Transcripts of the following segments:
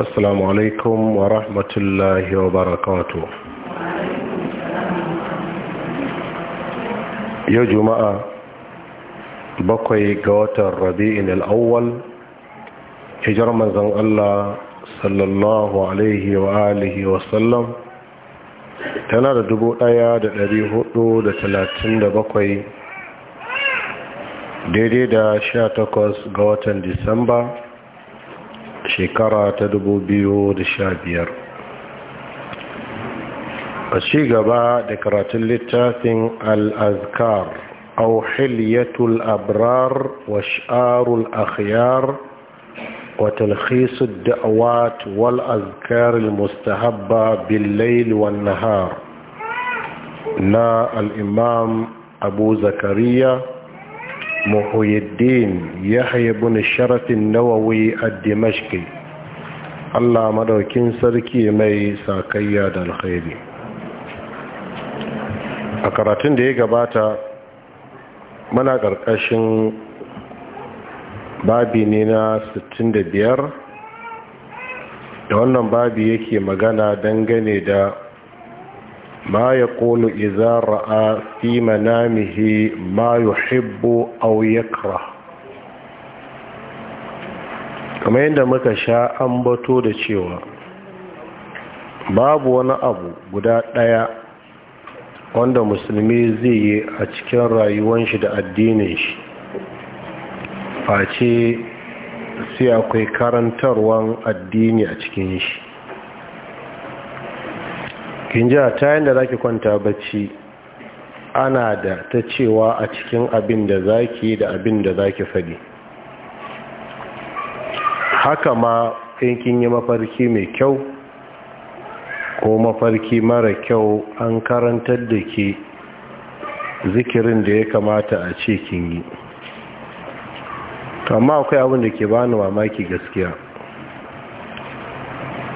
السلام عليكم ورحمة الله juma'a bakwai ga watan قوات الربيع الأول hijirar manzon Allah sallallahu alaihi wa alihi wa sallam tana da dubu ɗaya da ɗari hudu da talatin da bakwai daidai da sha takwas ga watan disamba شکارا تدبو بيو دشا بیر قشی گبا دکرات لیتا تین او حلية الابرار وشعار الأخيار وتلخيص الدعوات والأذكار المستهبة بالليل والنهار نا الإمام أبو زكريا muhuyiddin ya bin sharafin nawawi a dimashki allah madaukin sarki mai sakayya da alkhairi a karatun da ya gabata mana ƙarƙashin babi ne na sittin da biyar, da wannan babi yake magana dangane da ما يقول إذا رأى في منامه ما يحب أو kamar yadda muka sha an bato da cewa babu wani abu guda ɗaya wanda musulmi zai yi a cikin rayuwan shi da addinin shi face sai akwai karantarwan addini a cikin shi kin ji a tayin da ki kwanta bacci ana da ta cewa a cikin abin da za ki da abin da za ki faɗi haka ma in kin yi mafarki mai kyau ko mafarki mara kyau an karantar da ke zikirin da ya kamata a ce kin yi kama akwai abin da ke bani mamaki gaskiya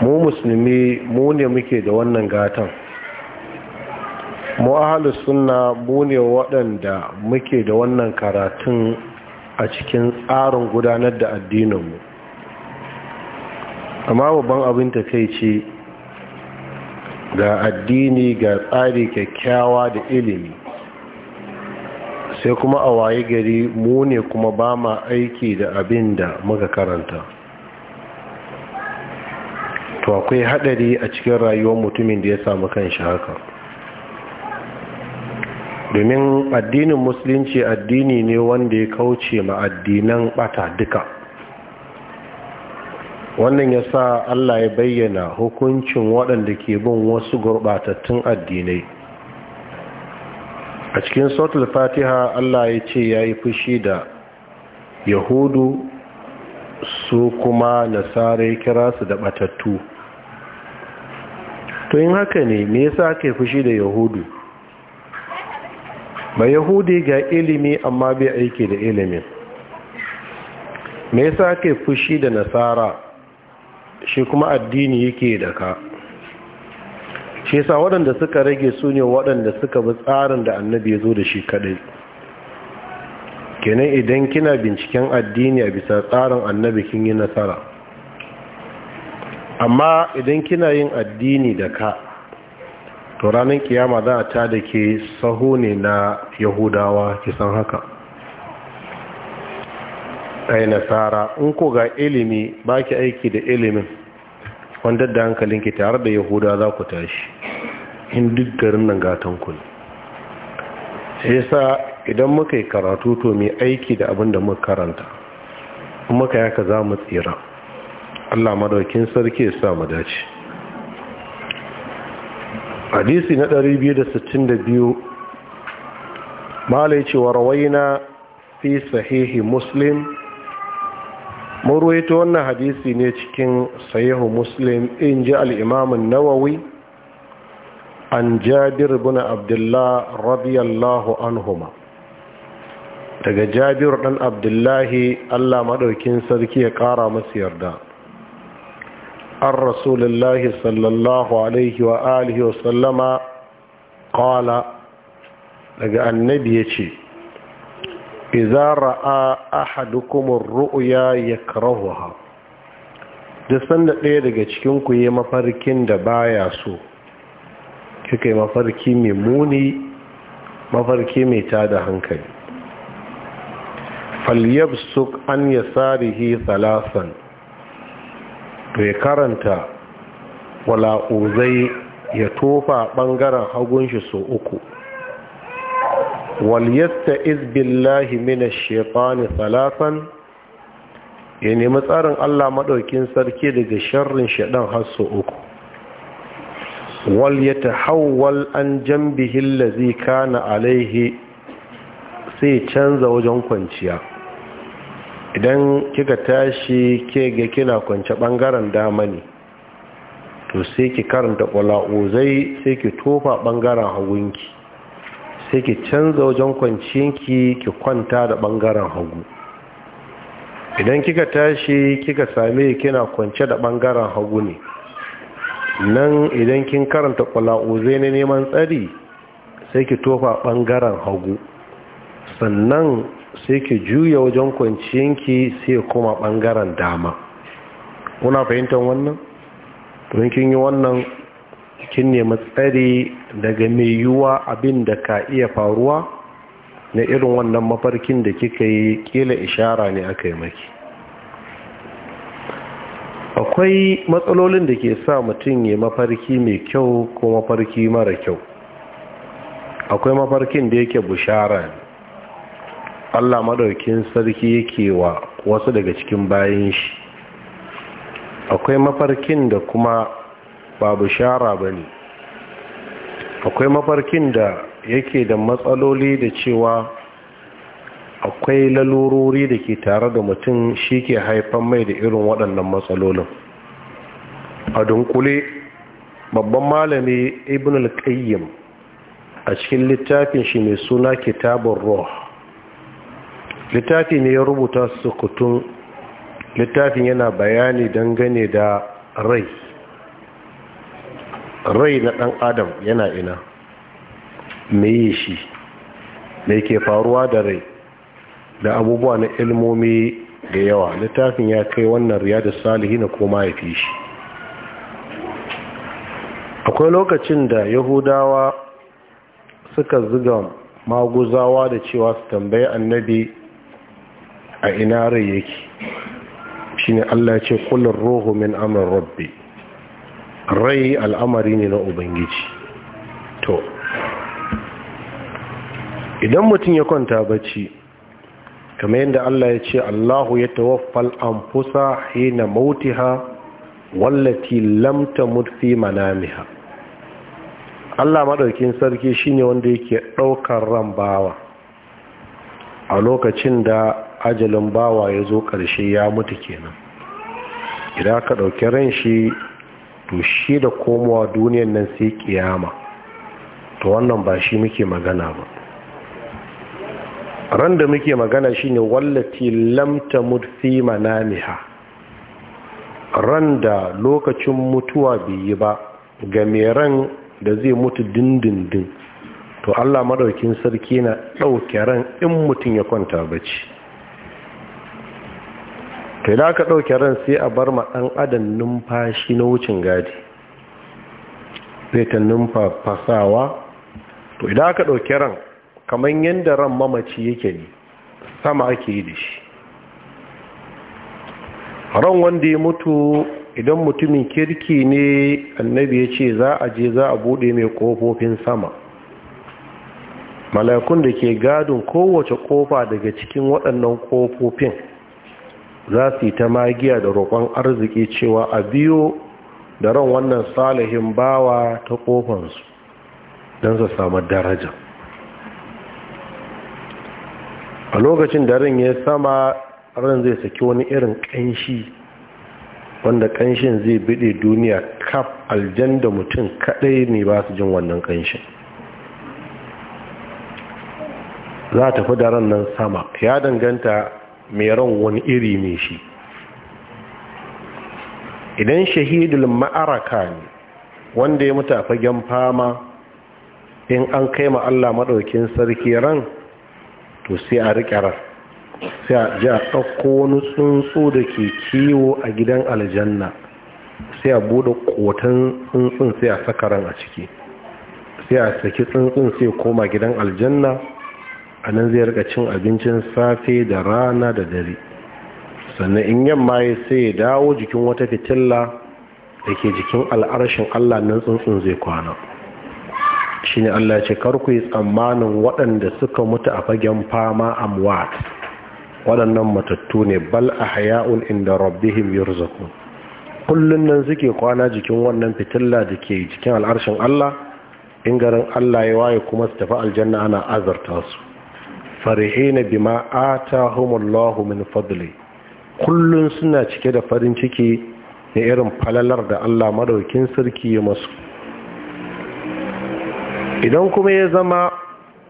mu musulmi mu ne muke da wannan gatan mu ahalu sunna mu ne waɗanda muke da wannan karatun a cikin tsarin gudanar da addininmu amma babban abin ta kai ga addini ga tsari kyakkyawa da ilimi sai kuma a waye gari mu ne kuma ba ma aiki da abin da muka karanta to akwai hadari a cikin rayuwar mutumin da ya samu kanshi haka domin addinin musulunci addini ne wanda ya kauce ma addinan bata duka wannan ya sa allah ya bayyana hukuncin waɗanda ke bin wasu gurɓatattun addinai a cikin sautul fatiha allah ya ce ya yi fushi da yahudu su kuma Nasarai ya kira su da batattu to in haka ne me yasa aka fushi da yahudu ba yahudi ga ilimi amma bai aiki da ilimin me yasa aka fushi da nasara shi kuma addini yake da ka shi yasa waɗanda suka rage su ne waɗanda suka bi tsarin da annabi ya zo da shi kadai kenan idan kina binciken addini a bisa tsarin annabi kin yi nasara amma idan kina yin addini da ka to ranar kiyama za a ta da ke saho ne na yahudawa ki san haka ai nasara in ko ga ilimi ba ki aiki da ilimin wanda da hankalinki tare da yahuda za ku tashi in duk garin nan gatan ku sai sa idan muka yi karatu to mai aiki da abin da muka karanta muka yaka za mu tsira Allah madaukin sarki ya sa mu dace hadisi na 262 malai wa rawaina fi sahihi muslim mun ruwaito wannan hadisi ne cikin sahihu muslim in ji an nawawi an jabir bin abdullah radiyallahu anhuma daga jabir ɗan abdullahi allah maɗaukin sarki ya ƙara masu yarda عن رسول الله صلى الله عليه وآله ce. Iza ra'a النبي إذا رأى أحدكم الرؤيا يكرهها dusan da ɗaya daga cikinku ya mafarkin da baya so kika yi mafarki mai muni mafarki mai tada hankali falyabsuk an yasarihi salasan to ya karanta uzai ya tofa bangaren hagun shi so uku waliyasta izbillahi mina shekani salasan ya nemi tsarin allah maɗaukin sarki daga sharrin shaɗan har so uku wal ya an jambihin lazi kana alaihi sai canza wajen kwanciya idan kika tashi ke ga kina kwance bangaren dama ne to sai ki karanta ƙwala'uzai sai ki tofa bangaren hagunki sai ki canza wajen kwanciyanki ki kwanta da bangaren hagu idan kika tashi kika same kina kwance da bangaren hagu ne nan idan kin karanta zai na neman tsari sai ki tofa bangaren hagu sannan sai ki juya wajen kwanciyanki sai kuma bangaren dama kuna fahimtar wannan don kin yi wannan kin nemi tsari daga mai yiwuwa abin da ka iya faruwa na irin wannan mafarkin da kika yi kila ishara ne aka yi maki akwai matsalolin da ke sa mutum ya mafarki mai kyau ko mafarki mara kyau akwai mafarkin da yake bushara ne Allah maɗaukin sarki yake wa wasu daga cikin bayan shi akwai mafarkin da kuma ba bishara ba ne akwai mafarkin da yake da matsaloli da cewa akwai lalurori da ke tare da mutum shi ke haifan mai da irin waɗannan matsalolin a dunkule babban malami ibn al-qayyim a cikin littafin shi mai suna kitabun roh littafi ne ya rubuta sukutun littafin yana bayani dangane da rai rai na ɗan adam yana ina mai shi mai ke faruwa da rai da abubuwa na ilmomi da yawa littafin ya kai wannan riya da salihi na koma ya fi shi akwai lokacin da yahudawa suka zuga maguzawa da cewa su tambayi annabi a ina rai yake ne Allah ce kullum rohu min amin rabbi rai al'amari ne na ubangiji to idan mutum ya kwanta bacci kamar yadda Allah ya ce Allahu ya tawaffal fusa hina mautiha wallati lamta murfi manamiha Allah maɗaukin sarki shine wanda yake ɗaukar ran bawa a lokacin da ajalin bawa ya zo ƙarshe ya mutu kenan idan ka ɗauki ran shi to shi da komowa duniyan nan sai ƙiyama to wannan ba shi muke magana ba ran da muke magana shine wallati lam tamut fi manamiha ran da lokacin mutuwa bai yi ba ga mai ran da zai mutu dindindin to Allah maɗaukin sarki na ɗauke ran in mutum ya kwanta bacci to idan aka ɗauke ran sai a bar ma ɗan adam numfashi na wucin gadi zai ta numfasawa to idan aka ɗauke ran kamar yadda ran mamaci yake ne sama ake yi da shi ran wanda ya mutu idan mutumin kirki ne annabi ya ce za a je za a bude mai kofofin sama malakun da ke gadon kowace ƙofa daga cikin waɗannan kofofin za su yi ta magiya da roƙon arziki cewa a biyo da ran wannan salihin bawa ta ƙofansu don su samu daraja a lokacin da ran ya sama ran zai saki wani irin ƙanshi wanda ƙanshin zai bide duniya kaf aljan da mutum kaɗai ne ba su jin wannan ƙanshin za ta fi da ran nan sama ya danganta mai ran wani iri ne shi idan shahidul ma'araka ne wanda ya mutu a fagen fama in an kai ma Allah maɗaukin sarki ran to sai a riƙe ran sai a ji a ɗauko wani tsuntsu da ke kiwo a gidan aljanna sai a buɗe ƙotan tsuntsun sai a saka ran a ciki sai a saki tsuntsun sai koma gidan aljanna a nan zai rika cin abincin safe da rana da dare sannan in yamma ya sai ya dawo jikin wata fitilla da ke jikin al'arshin allah nan tsuntsun zai kwana shine allah ce karku yi tsammanin waɗanda suka mutu a fagen fama amwat waɗannan matattu ne bal a haya'un inda rabbihim yurzaku kullum nan suke kwana jikin wannan fitilla da ke jikin al'arshin allah in garin allah ya waye kuma su tafi aljanna ana azarta su farihina bima atahumullahu min fadli kullun suna cike da farin ciki da irin falalar da Allah madaukin sarki ya masu idan kuma ya zama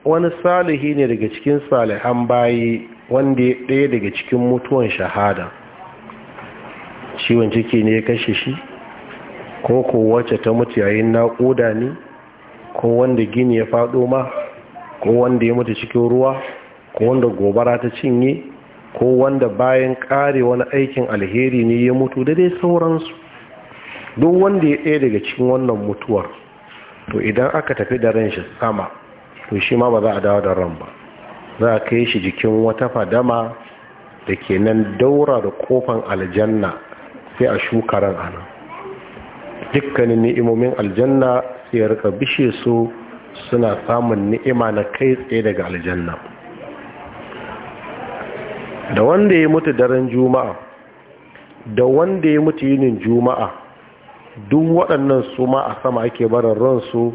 wani salihi ne daga cikin salihan bayi wanda ya ɗaya daga cikin mutuwan shahada ciwon ciki ne ya kashe shi ko ko wacce ta mutu yayin naƙuda ne ko wanda gini ya faɗo ma ko wanda ya mutu cikin ruwa ko wanda gobara ta cinye ko wanda bayan kare wani aikin alheri ne ya mutu da dai sauransu duk wanda ya ɗaya daga cikin wannan mutuwar to idan aka tafi da ran shi sama to shi ma ba za a dawo da ran ba za a kai shi jikin wata fadama da ke nan daura da kofan aljanna sai a shuka ran ana dukkanin ni'imomin aljanna sai ya rika bishe su suna samun ni'ima na kai tsaye daga aljanna da wanda ya mutu daren juma'a da wanda ya mutu yinin juma'a duk waɗannan su ma a sama ake barin ransu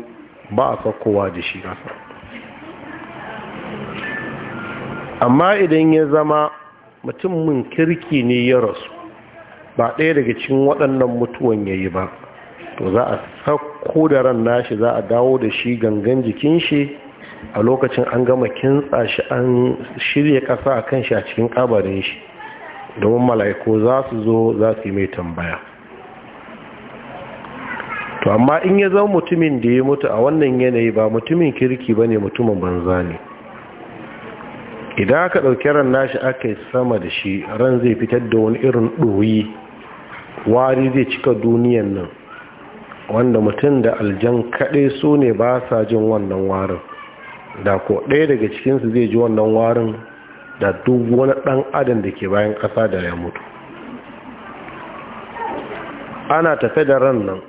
ba a sakowa da shi ƙasa amma idan ya zama mutumin kirki ne ya rasu ba ɗaya daga cikin waɗannan mutuwan ya ba to za a sakko da ran nashi za a dawo da shi gangan jikin shi a lokacin an gama kintsa shi an shirya ƙasa a kan shi a cikin kabarin shi domin mala'iku za su zo za su yi mai tambaya to amma in ya zama mutumin da ya mutu a wannan yanayi ba mutumin kirki ba ne mutumin banza ne idan aka ɗauki ran nashi aka yi sama da shi ran zai fitar da wani irin ɗoyi wari zai cika duniyan nan wanda mutum da aljan kaɗai su ne ba sa jin wannan warin da ko ɗaya daga cikinsu zai ji wannan warin da duk wani ɗan adam da ke bayan ƙasa da ya mutu ana tafe da ran nan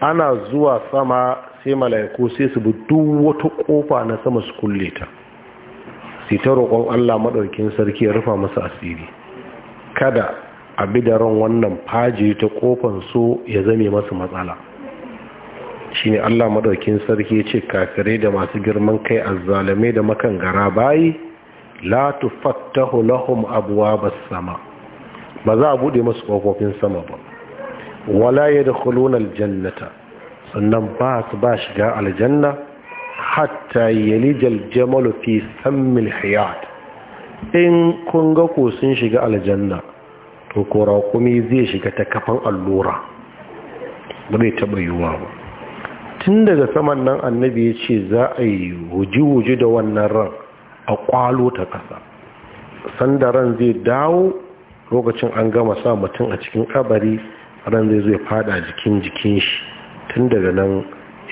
ana zuwa sama sai mala'iku sai su bi duk wata ƙofa na sama su kulle ta sai ta roƙon allah maɗaukin sarki ya rufa musu asiri kada a bi da ran wannan faji ta ƙofan so ya zame masu matsala shine Allah madaukin sarki yace kafirai da masu girman kai azzalume da makangara bayi la tufattahu lahum abwabas sama ba za a bude musu kofofin sama ba wala yadkhuluna aljannata sannan ba su ba shiga aljanna hatta yalijal jamalu fi sammil hiyat in kun ga ko sun shiga aljanna to ko raƙumi zai shiga ta kafan allura ba zai taba yiwuwa ba tun daga saman nan annabi ya ce za a yi wuji-wuji da wannan ran a kwalo ta kasa, sanda ran zai dawo lokacin an gama sa mutum a cikin kabari ran zai zai fada jikin jikin shi tun daga nan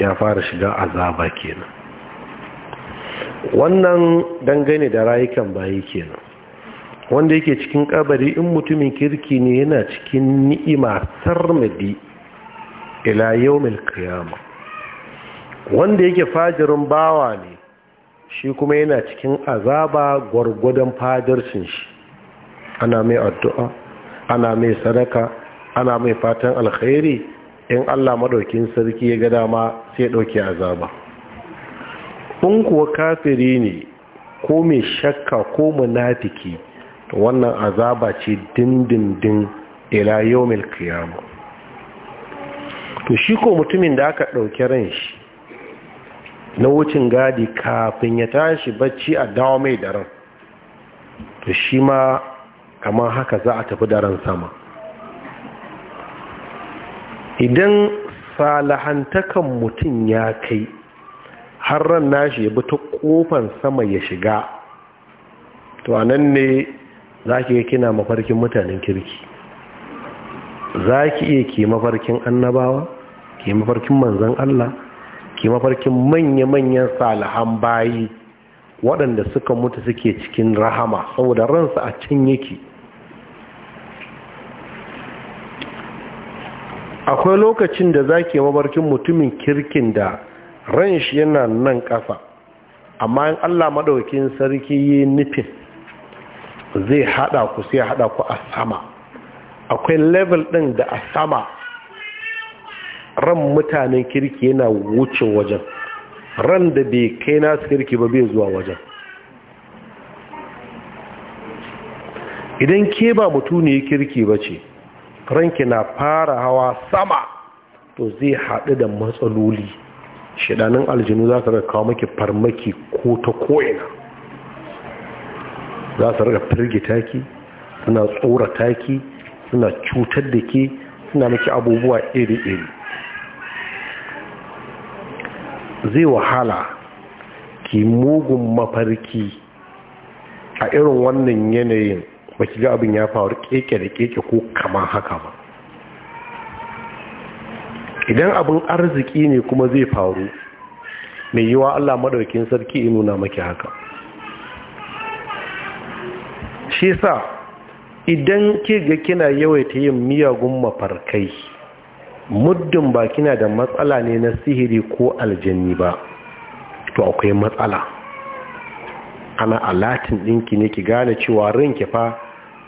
ya fara shiga azaba kenan wannan dangane da rayukan bayi kenan wanda yake cikin kabari in mutumin kirki ne yana cikin ni'ima sarmadi ila mil kiyama. wanda yake fajirin bawa ne shi kuma yana cikin azaba gwargwadon fadarsin shi ana mai addu'a ana mai sadaka ana mai fatan alkhairi in Allah madaukin sarki ya ga dama sai dauke azaba in kuwa kafiri ne ko mai shakka ko munafiki to wannan azaba ce dindindin ila yawmil kiyama to shi ko mutumin da aka ɗauki ran shi na wucin gadi kafin ya tashi bacci a dawo mai daren to shi ma kamar haka za a tafi daren sama idan salahantakan mutum ya kai har ran nashi ya bi ta kofan sama ya shiga to anan ne za ki kina mafarkin mutanen kirki za ki iya ke mafarkin annabawa ke mafarkin manzan Allah Ke mafarkin manya-manyan salihan bayi waɗanda suka mutu suke cikin rahama saboda ransa a can yake akwai lokacin da za ke mafarkin mutumin kirkin da ran shi yana nan ƙasa amma yin allah maɗaukin sarki yi nufin zai haɗa ku sai haɗa ku a sama akwai level ɗin da a sama ran mutanen kirki yana wuce wajen ran da bai kai nasu kirki ba bai zuwa wajen idan ke ba ne kirki ba ce ranki na fara hawa sama to zai haɗu da matsaloli shidanin aljinu za su kawo maki farmaki ko ta ko'ina za su raga firgi taki suna tsorata ki suna cutar da ke suna maki abubuwa iri-iri zai wahala ki mugun mafarki a irin wannan yanayin ba ki ga abin ya faru keke da keke ko kama haka ba idan abin arziki ne kuma zai faru mai yiwa allah madaukin sarki in nuna maki haka shi sa idan ke ga kina yawaita yin miyagun mafarkai muddin ba kina da matsala ne na sihiri ko aljanni ba to akwai matsala ana alatin ɗinki ne ki gane cewa ranki fa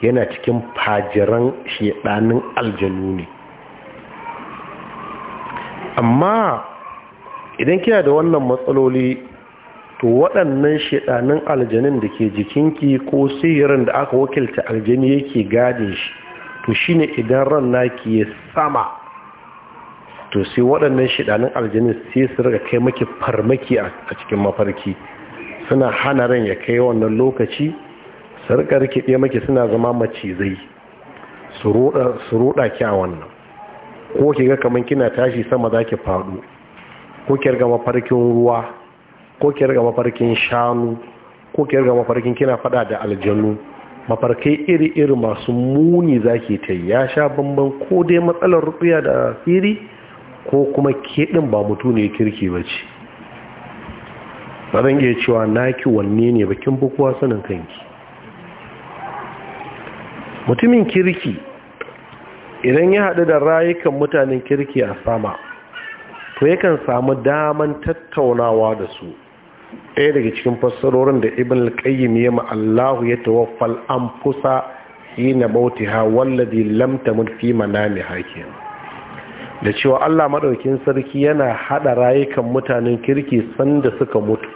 yana cikin fajiran shedanin aljanu ne amma idan kina da wannan matsaloli to waɗannan shedanin aljanin da ke jikinki ko sihirin da aka wakilta aljani yake gadin shi to shine idan ran naki ya sama to sai waɗannan shidanin aljini sai su riga kai maki farmaki a cikin mafarki suna hana ran ya kai wannan lokaci su rike ɗaya maki suna zama macizai su ruɗa ki a wannan ko ki ga kaman kina tashi sama za ki faɗo ko ki riga mafarkin ruwa ko ki riga mafarkin shanu ko ki riga mafarkin kina faɗa da aljanu mafarkai iri-iri masu muni za ki ta yi ya sha bambam ko dai matsalar rukuya da asiri ko kuma ke ɗin ba mutu ne kirki ba ce ba zan iya cewa naki wanne ne bakin bukuwa sanin kanki mutumin kirki idan ya haɗu da rayukan mutanen kirki a sama to yakan samu daman tattaunawa da su ɗaya daga cikin fassarorin da ibn al-qayyim ya ma'allahu ya tawaffal an fusa yi na bautiha Lamta, lam tamut fi manami hakim da cewa Allah maɗaukin sarki yana haɗa rayukan mutanen kirki sanda suka mutu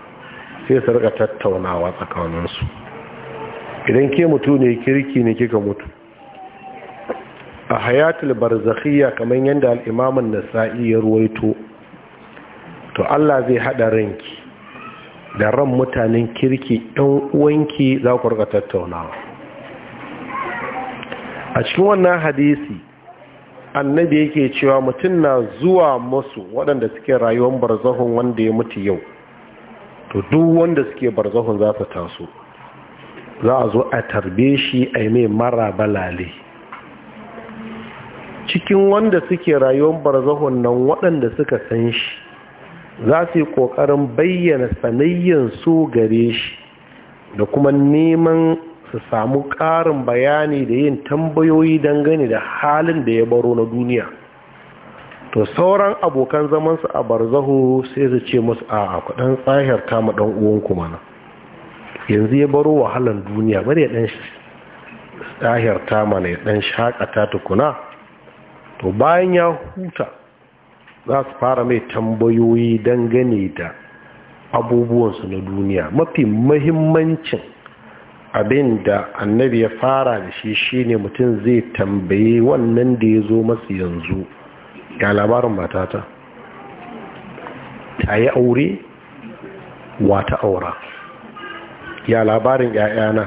sai su rika tattaunawa tsakaninsu idan ke mutu ne kirki ne kika mutu a hayatul barzakhiyya kamar yadda al'imamin nasa'i ya ruwaito to Allah zai haɗa ranki da ran mutanen kirki ɗan uwanki za ku rika tattaunawa a cikin wannan hadisi annabi yake cewa mutum na zuwa masu waɗanda suke rayuwar barzahun wanda ya mutu yau to duk wanda suke barzahun za su taso za a zo a tarbe shi a yi mai mara balale cikin wanda suke rayuwar barzahun nan waɗanda suka san shi za su yi ƙoƙarin bayyana su gare shi da kuma neman su samu ƙarin bayani da yin tambayoyi dangane da halin da ya baro na duniya to sauran abokan zamansu a barzahu sai su ce musu a kudin tsahiyar kama ɗan uwanku mana yanzu ya baro wahalan duniya bari ya ɗan tsahiyar kama na ya ɗan shaƙata tukuna to bayan ya huta za su fara mai tambayoyi dangane da abubuwansu na duniya mafi mahimmancin abin da annabi ya fara da shi shine mutum zai tambaye wannan da ya zo masu yanzu ga labarin matata ta yi aure wata aura ya labarin 'ya'yana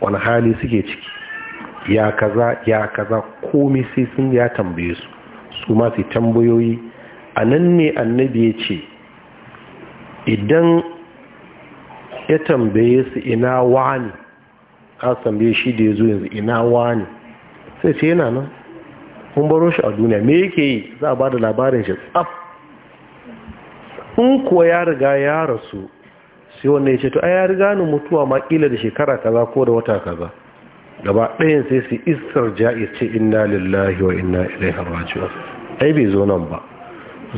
wani hali suke ciki ya kaza ya kaza komi sai sun ya tambaye su su masu tambayoyi a nan ne annabi ya ce idan ya tambaye su ina wani a tambaye shi da ya zo yanzu ina wani sai ce yana nan mun baro shi a duniya me yake yi za a ba da labarin shi tsaf in kuwa ya riga ya rasu sai wanda ya ce to a ya riga ni mutuwa ma kila da shekara kaza ko da wata kaza gaba ɗayan sai su isar ja'i ce inna lillahi wa inna ilaihi raji'un ai bai zo nan ba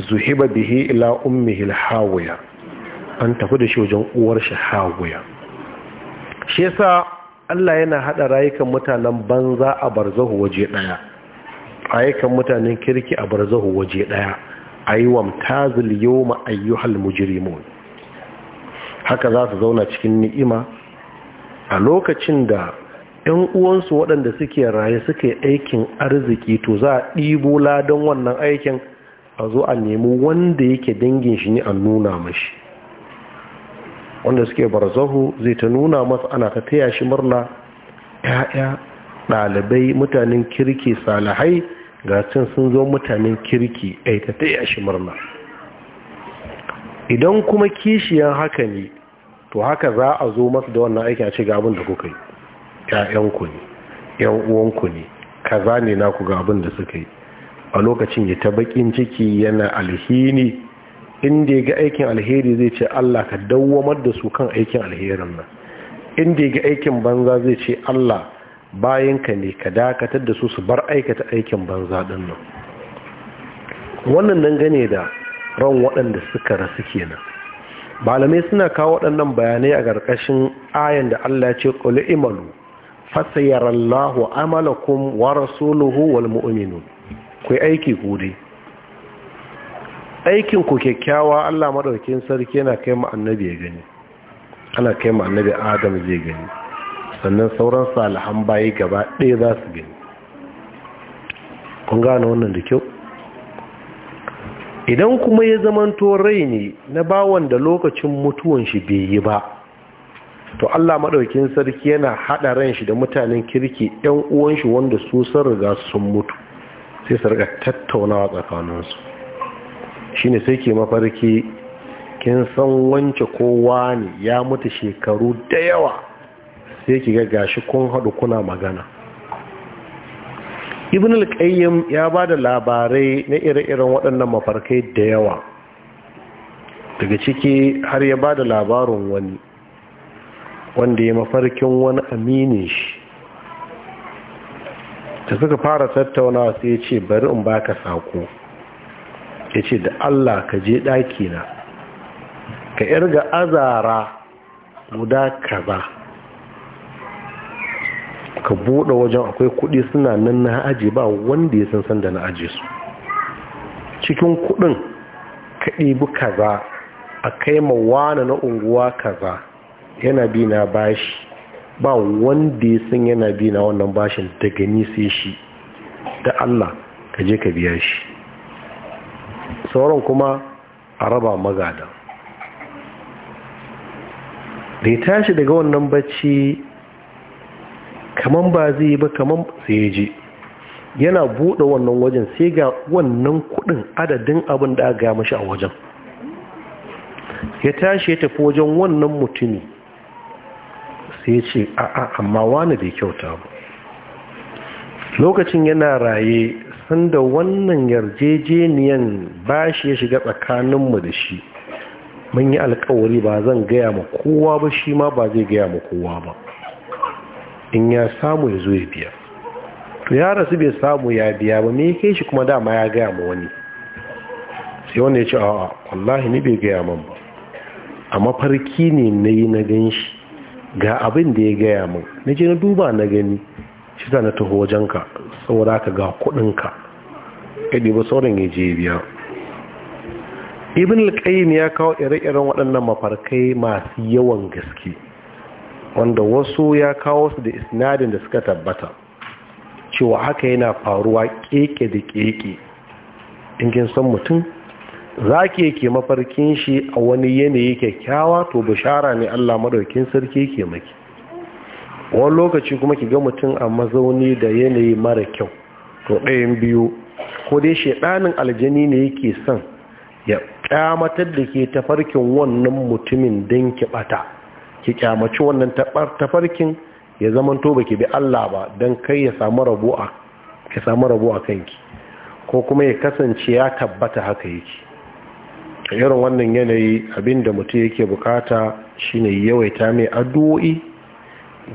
zuhiba bihi ila ummihi alhawiya an tafi da shi wajen uwar shi haguya shi yasa Allah yana hada rayukan mutanen banza a barzahu waje daya rayukan mutanen kirki a barzahu waje daya ayyuwam tazil yawma ayyuhal mujrimun haka za su zauna cikin ni'ima a lokacin da ‘yan uwansu waɗanda suke raye suke aikin arziki to za a ɗibo ladan wannan aikin a zo a nemi wanda yake dangin shi ne a nuna mashi wanda suke barzahu zai ta nuna masu ana ta taya shi murna ya'ya ɗalibai mutanen kirki salahai ga cin sun zo mutanen kirki a ta taya shi murna idan kuma kishiyan haka ne to haka za a zo masu da wannan aiki a ci gabin da kuka yi 'ya'yanku ne ƴan uwanku ne kaza ne naku ga abin da suka yi a lokacin ya ta bakin ciki yana alhini inda ya ga aikin alheri zai ce Allah ka dawwamar da su kan aikin alherin nan inda ya ga aikin banza zai ce Allah bayan ka ne ka dakatar da su su bar aikata aikin banza din nan wannan gane da ran waɗanda suka rasu kenan malamai suna kawo waɗannan bayanai a ƙarƙashin ayan da Allah ce qul imalu fasayarallahu amalakum wa rasuluhu wal mu'minun ku aiki ku dai aikin ku kyakkyawa Allah madaukakin sarki yana kai mu annabi ya gani ana kai mu annabi Adam zai gani sannan sauran salihan bayi gaba ɗaya za su gani kun gane wannan da kyau idan kuma ya zamanto rai ne na ba da lokacin mutuwan shi bai yi ba to Allah madaukakin sarki yana hada ran shi da mutanen kirki ɗan uwan shi wanda su sun riga sun mutu sai su riga tattaunawa tsakaninsu ne sai ke mafarki kin san wance kowa ne ya mutu shekaru da yawa sai ki ga gashi kun haɗu kuna magana ibn al-qayyim ya ba da labarai na ire-iren waɗannan mafarkai da yawa daga ciki har ya ba da labarin wani wanda ya mafarkin wani aminin shi da suka fara tattaunawa sai ya ce bari in baka sako ya ce da Allah ka je ɗaki na ka irga azara guda kaza ka buɗe wajen akwai kuɗi suna nan na aji ba wanda ya san san da na aji su cikin kuɗin ka ɗibi kaza a kai mawana na unguwa kaza yana bi na bashi ba wanda ya san yana bi na wannan bashin daga nisa shi da Allah ka je ka biya shi sauran kuma a raba magada da ya tashi daga wannan bacci kaman ba zai yi ba kaman sai ji yana buɗe wannan wajen sai ga wannan kuɗin adadin abin da aka mashi a wajen ya tashi ya tafi wajen wannan mutumi sai ya ce a'a amma wani bai kyauta ba lokacin yana raye sanda wannan yarjejeniyan shi ya shiga tsakaninmu da shi mun yi alkawari ba zan gaya ma kowa ba shi ma ba zai gaya ma kowa ba in ya samu ya zo ya biya to ya rasu bai samu ya biya ba me kai shi kuma dama ya gaya ma wani sai wanda ya ce a'a wallahi ni bai gaya man ba a mafarki ne na yi na gan shi ga abin da ya gaya min na je na duba na gani shi na taho wajenka saboda ka ga kudinka ya ba sauran ya je biya ibn alƙayyim ya kawo ire-iren waɗannan mafarkai masu yawan gaske wanda wasu ya kawo su da isnadin da suka tabbata cewa haka yana faruwa keke da keke in kin mutum za ki ke mafarkin shi a wani yanayi kyakkyawa to bishara ne allah maɗaukin sarki ke maki wani lokaci kuma ki ga mutum a mazauni da yanayi mara kyau to ɗayan biyu ko dai shaɗanin aljani ne yake son ya ƙyamatar da ke tafarkin wannan mutumin don ki ɓata, ki ƙyamaci wannan tafarkin ya zamanto ki bi Allah ba don kai ya samu rabo a kanki ko kuma ya kasance ya tabbata haka yake irin wannan yanayi abinda mutum yake bukata shine yawaita mai addu'o'i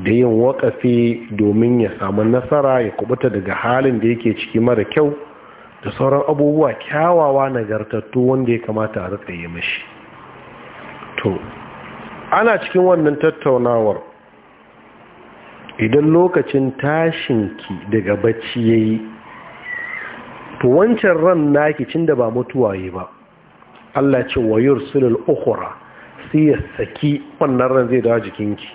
da yin wakafi domin ya samu nasara ya kubuta daga halin da yake ciki mara kyau da sauran abubuwa kyawawa nagartattu wanda ya kamata a rika yi mashi to ana cikin wannan tattaunawar idan lokacin tashin ki daga bacci ya yi to wancan ran naki cin da ba mutuwa yi ba Allah ce wa sulul ukura sai ya saki wannan ran zai dawo jikinki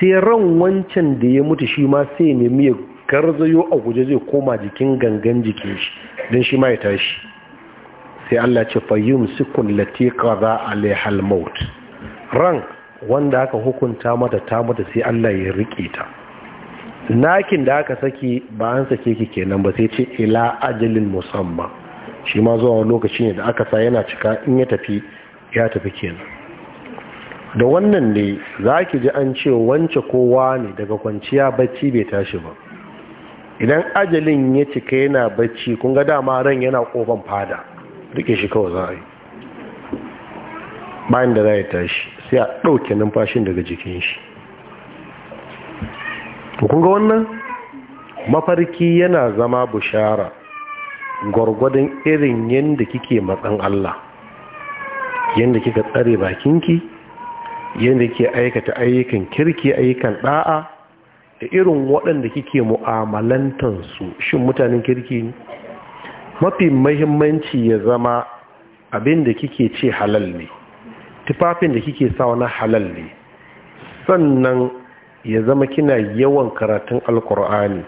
sai ran wancan da ya mutu shi ma sai nemi ya garzayo a guje zai koma jikin gangan jikin shi don shi ma ya tashi sai Allah ce fayyum ka lati a alaiha maut ran wanda aka hukunta mata ta mata sai Allah ya rike ta nakin da aka saki ba an sake ki kenan ba sai ce ila ajalin musamman, shi ma zuwa lokaci ne da aka sa yana cika in ya tafi ya tafi kenan da wannan ne za ki ji an ce wance kowa ne daga kwanciya bacci bai tashi ba idan ajalin ya cika yana bacci kun ga dama ran yana kofan fada rike shi kawai za a yi bayan da za tashi sai a ɗauke numfashin daga jikin shi kun ga wannan mafarki yana zama bushara gwargwadon irin yadda kike matsan Allah yadda kika tsare bakinki yadda ke aikata ayyukan kirki ayyukan da'a da irin waɗanda kike mu'amalantansu shin mutanen kirki ne mafi mahimmanci ya zama abin da kike ce halal ne tufafin da kike sa wani halal ne sannan ya zama kina yawan karatun alkur'ani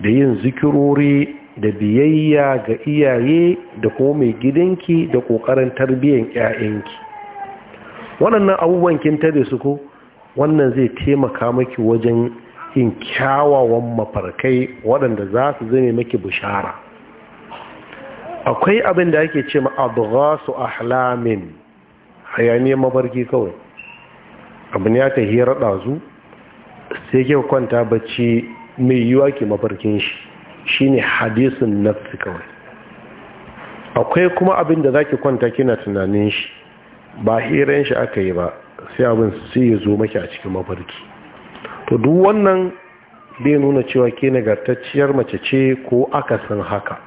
da yin zikirori da biyayya ga iyaye da kuma mai gidanki da ƙoƙarin tarbiyyar 'ya'yanki waɗannan abubuwan kin tare su ko wannan zai taimaka maki wajen yin kyawawan mafarkai waɗanda za su zame maki bishara akwai abin da ake ce ma'abghasu ahlamin hayaniyar mafarki kawai abin ya ta hira ɗazu sai ke kwanta bacci mai yiwa ke mafarkin shi shine hadisun nafsi kawai akwai kuma abin da zaki kwanta kina tunanin shi ba hiran shi aka yi ba sai abin sai ya zo maki a cikin mafarki to duk wannan bai nuna cewa ke nagartacciyar mace ce ko aka san haka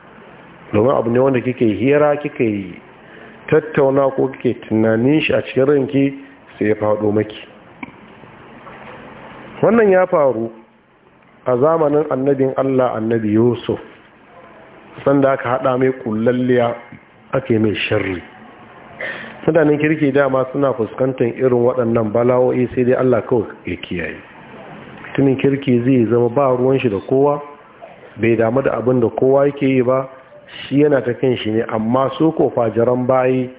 domin abu ne wanda kike hira kika yi tattauna ko kike tunanin shi a cikin ranki sai ya faɗo maki wannan ya faru a zamanin annabin Allah annabi Yusuf sanda aka haɗa mai kullalliya ake mai sharri mutanen kirki dama suna fuskantar irin waɗannan bala'o'i sai dai Allah kawai ya kiyaye tunin kirki zai zama ba ruwan shi da kowa bai damu da abin da kowa yake yi ba shi yana ta kan shi ne amma su ko fajiran bayi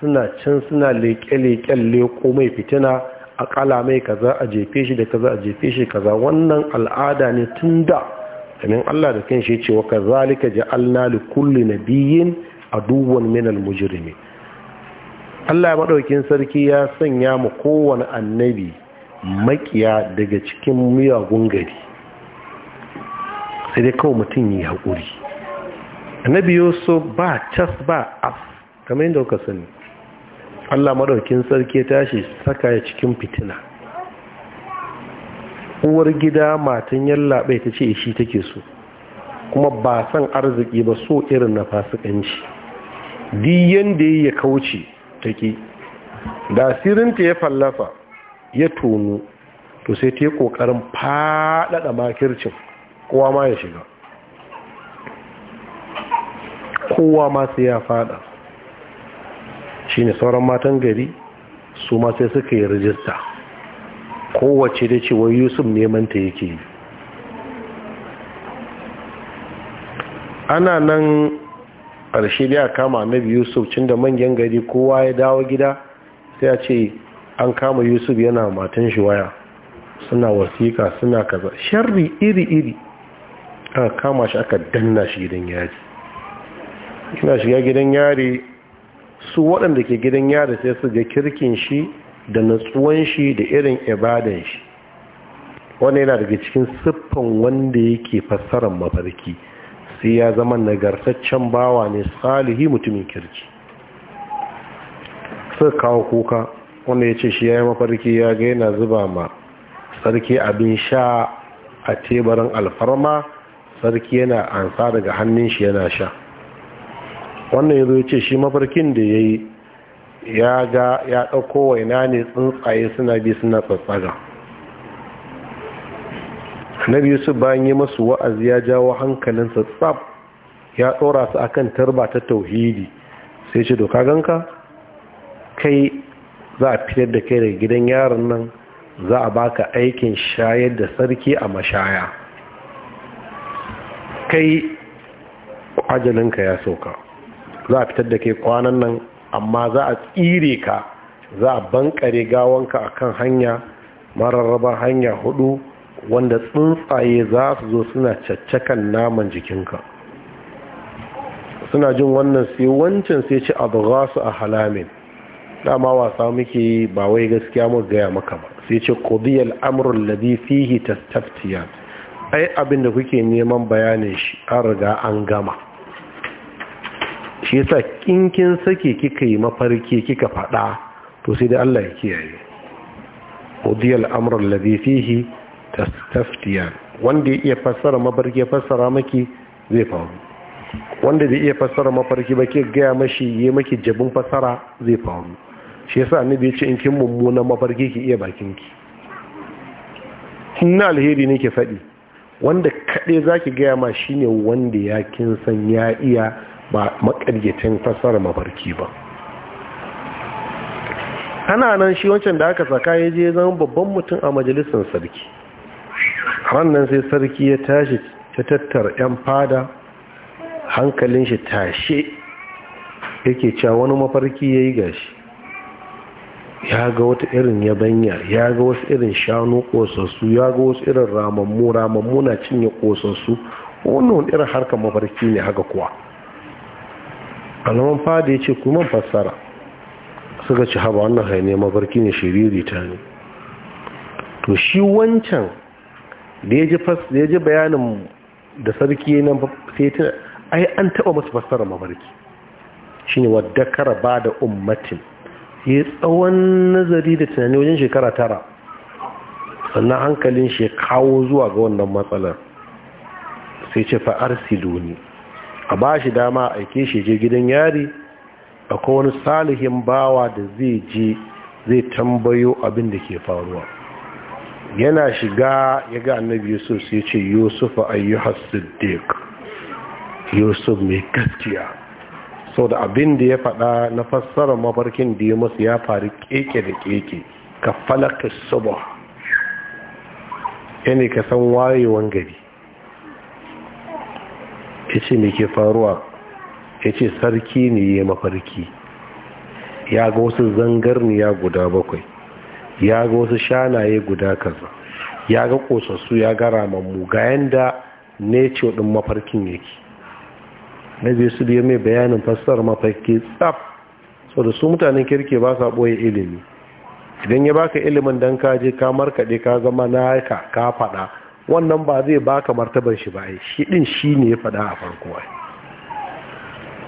suna can suna leƙe-leƙen leƙo mai fitina a ƙala mai kaza a jefe shi da kaza a jefe shi kaza wannan al'ada ne tun da kamin Allah da kan shi ce wa ka ja'alna li kulli a aduwwan minal mujrimin Allah maɗaukin sarki ya sanya mu kowane annabi makiya daga cikin miyagun gari sai dai kawai mutum yi haƙuri annabi yusuf ba cas ba af kamar yadda kuka sani Allah maɗaukin sarki ya tashi saka ya cikin fitina uwar gida matan yallaɓe ta ce shi take so kuma ba san arziki ba so irin na fasikanci duk yanda ya kauce take da asirinta ya fallafa ya tono to sai ta yi ƙoƙarin faɗaɗa makircin kowa ma ya shiga kowa ma sai ya faɗa shi ne sauran matan gari su ma sai suka yi rijista kowace da cewa yusuf neman ta yake yi ana nan ƙarshe da kama annabi yusuf cin da manyan gari kowa ya dawo gida sai a ce an kama yusuf yana matan shi waya suna wasiƙa suna kaza sharri iri-iri a kama shi aka danna shi gidan yari Ina shiga gidan yari su waɗanda ke gidan yari sai su ga kirkin shi da natsuwan shi da irin ibadan shi wannan yana daga cikin siffan wanda yake fassarar mafarki sai ya zama nagartaccen bawa ne salihi mutumin kirki sai kawo kuka wanda ya ce shi ya yi mafarki ya ga yana zuba ma sarki abin sha a tebarin alfarma sarki yana ansa daga hannun shi yana sha wannan ya zo ya ce shi mafarkin da ya yi ya ga ya ɗauko waina ne tsuntsaye suna bi suna tsatsaga biyu su bayan yi masu wa'azi ya jawo hankalinsa tsab ya tsora su kan tarba ta tauhidi sai ce doka ganka kai za a fitar da kai daga gidan yaron nan za a baka aikin shayar da sarki a mashaya kai ajalinka ya sauka za a fitar da kai kwanan nan amma za a tsire ka za a bankare gawanka kan hanya mararraba hanya hudu wanda tsuntsaye za su zo suna caccakan naman jikinka suna jin wannan sai wancan sai ci abu za su a halamin dama wasa muke yi ba wai gaskiya mu gaya maka ba sai ce kodiyar amurin ladi fihi taftiya ai abin da kuke neman bayanin shi an riga an gama shi yasa kinkin sake kika yi mafarki kika fada to sai da Allah ya kiyaye kodiyar amurin ladi fihi tastaftiyan wanda ya iya fassara mafarki ya fassara maki zai faru wanda zai iya fassara mafarki ba ke gaya mashi ya maki jabin fassara zai faru shi yasa annabi ya ce in kin mummuna mafarki ki iya bakin ki kin alheri ne ke faɗi wanda kaɗai zaki gaya ma shine wanda ya kin san ya iya ba makaryacin fassara mafarki ba ana nan shi wancan da aka saka ya je zama babban mutum a majalisar sarki rannan sai sarki ya tashi ta tattara 'yan fada hankalin shi tashe yake cewa wani mafarki ya yi gashi ya ga wata irin yabanya ya ga wasu irin shanu kosassu ya ga wasu irin ramammu ramammu na cinye kosassu wannan irin harkar mafarki ne haka kuwa alaman fada ya ce kuma fassara suka ci haba wannan haine mafarki ne shiriri ne to shi wancan da ya ji bayanin da sarki nan fete a ai an taba masu fassarar mafarki shine wadda kara ba da ummatin ya tsawon nazari da tunani wajen shekara tara sannan hankalin shi kawo zuwa ga wannan matsalar sai ce fa'ar siloni a ba shi dama a aike shi je gidan yari akwai wani salihin bawa da zai je zai tambayo abin da ke faruwa yana shiga ya ga annabi yusuf sai ce yusuf ayyuhas siddiq yusuf mai gaskiya sau da abin da ya faɗa na fassarar mafarkin da ya masu ya faru keke da keke ka falaka suba yana ka san wayewan gari ya ce mai ke faruwa ya ce sarki ne ya mafarki ya ga wasu zangarniya guda bakwai ya ga wasu shanaye guda kaza ya ga kosassu ya ga ramammu ga yanda nature din mafarkin yake na biyu su biyu mai bayanin fassar mafarki tsaf so da su mutanen kirki ba sa ɓoye ilimi idan ya baka ilimin dan ka je ka markaɗe ka zama na ka ka faɗa wannan ba zai baka martaban shi ba ai shi din shi ne ya faɗa a farko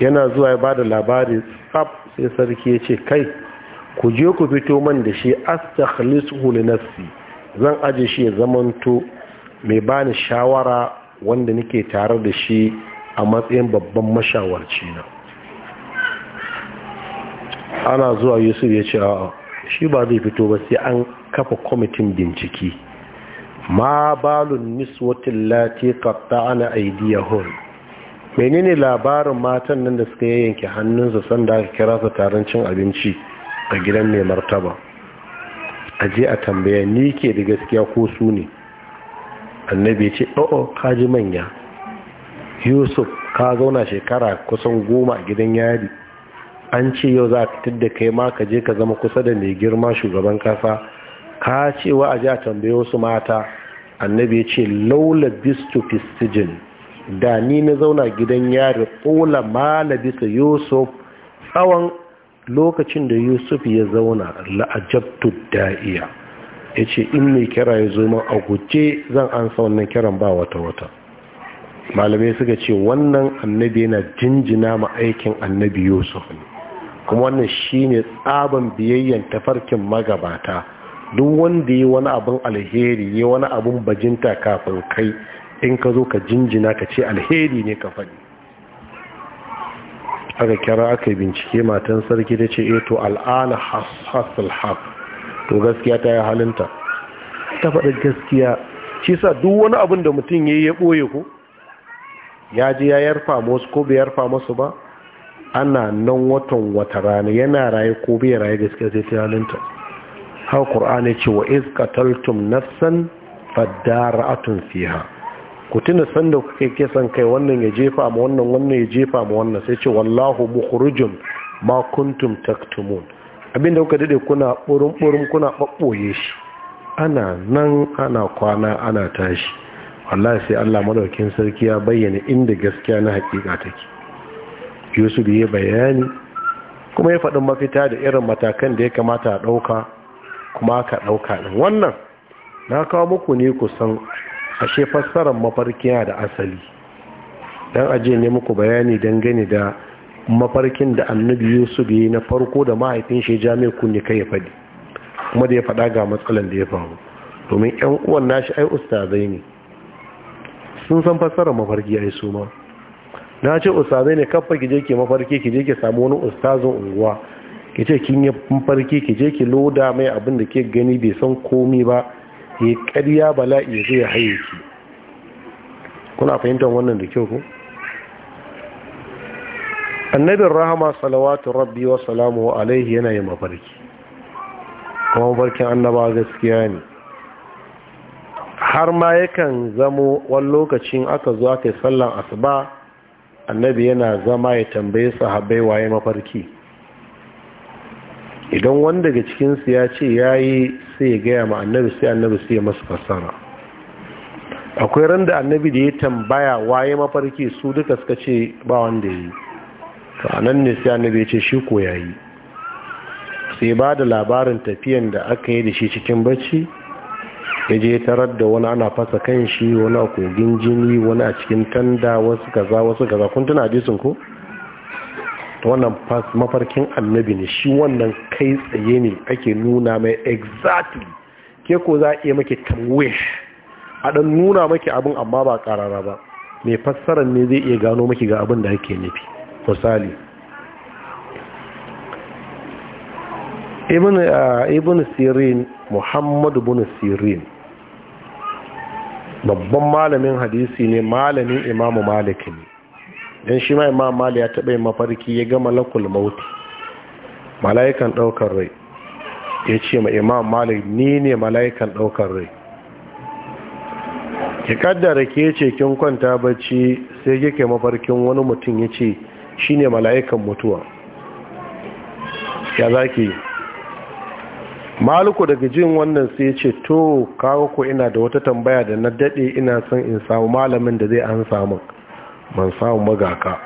yana zuwa ya ba da labari tsaf sai sarki ya ce kai ku je ku fito man da shi astakhlisu li nafsi zan aje shi ya zamanto mai bani shawara wanda nake tare da shi a matsayin babban mashawarci na ana zuwa yusuf ya ce a'a shi ba zai fito ba sai an kafa kwamitin bincike ma balun niswatin lati ana aidiya hul menene labarin matan nan da suka yayyanke hannunsa sanda aka kira su taron cin abinci a gidan mai martaba a je a tambaya ni ke da gaskiya ko su ne annabi ce o'o oh, oh, kaji manya yusuf ka zauna shekara kusan goma a gidan yari an ce yau za a fitar da kai ma ka je ka zama kusa da mai girma shugaban kasa ka ce wa a ji a tambaye wasu mata annabi ya ce laula bistu fistijin da ni na zauna gidan yari ƙola ma labisa yusuf tsawon lokacin da yusuf ya zauna la'ajabtu da'iya ya ce in mai kira ya zo ma a guje zan ansa wannan kiran ba wata-wata malamai suka ce wannan annabi yana jinjina ma aikin annabi yusuf ne kuma wannan shine tsaban biyayyen tafarkin magabata duk wanda yi wani abin alheri yi wani abin bajinta kafin kai in ka zo ka jinjina ka ce alheri ne ka faɗi aka kira aka bincike matan sarki da ce eto eh, al'ana hasul haf to gaskiya ta yi halinta ta faɗa gaskiya shi sa duk wani abin da mutum ya yi ya ɓoye ku ya ji ya yarfa masu ko bai yarfa masu ba ana nan watan wata rana yana raye ko bai raye gaskiya sai ta halinta har ƙur'ani ce wa iz qataltum nafsan fadara'atun fiha ku tuna sanda kuke kisan kai wannan ya jefa ma wannan wannan ya jefa ma wannan sai ce wallahu mukhrijum ma kuntum taktumun da kuka dade kuna burun burun kuna babboye shi ana nan ana kwana ana tashi wallahi sai Allah madaukin sarki ya bayyana inda gaskiya na hakika take Yusuf ya bayani kuma ya faɗin mafita da irin matakan da ya kamata a ɗauka kuma aka ɗauka ɗin wannan na kawo muku ne kusan ashe fassarar mafarki da asali dan aje ne muku bayani gani da mafarkin da annabi yusuf yi na farko da mahaifin shi kun kunne kai ya faɗi kuma da ya faɗa ga matsalan da ya faru domin yan uwan nashi ai ustazai ne sun san fassarar mafarki ai su ma na ce ustazai ne kafa ki je ki mafarki ki je ki samu wani ustazin unguwa ki ce kin yi mafarki ki je ki loda mai abin da ke gani bai san komi ba ya ƙarya bala'i ya zai haye ki kuna fahimtar wannan da kyau ku annabin rahama salawatu rabbi wa salamu alaihi yana yin mafarki kuma mafarkin annaba gaskiya ne har ma yakan zamo wani lokacin aka zo aka yi sallan asuba annabi yana zama ya tambaye sahabbai waye mafarki idan wani daga cikinsu ya ce ya yi sai ya gaya ma annabi sai annabi sai ya masu fassara akwai ran da annabi da ya tambaya waye mafarki su duka suka ce ba wanda yi to anan ne sai annabi ya ce shi ko ya yi sai ba da labarin tafiyan da aka yi da shi cikin bacci ya je tarar da wani ana fasa kan shi wani a kogin jini wani a cikin tanda wasu kaza wasu kaza kun tuna hadisin ko ta wannan mafarkin annabi ne shi wannan kai tsaye ne ake nuna mai exactly ke ko za a iya maki tamwish a ɗan nuna maki abin amma ba karara ba mai fassarar ne zai iya gano maki ga abin da ake nufi misali ibn uh, sirin Muhammadu ibn sirin babban malamin hadisi ne malamin imamu malik ne don shi ma imam mali ya taɓa yin mafarki ya gama lakul mauti mala'ikan ɗaukar rai ya ce ma imam malik ni ne mala'ikan ɗaukar rai ki kaddara ke ce kin kwanta bacci sai kike mafarkin wani mutum ya ce shi ne mala'ikan mutuwa ya za ki maluku daga jin wannan sai ya ce to kawo ko ina da wata tambaya da na daɗe ina son in samu malamin da zai an samu ban samu magaka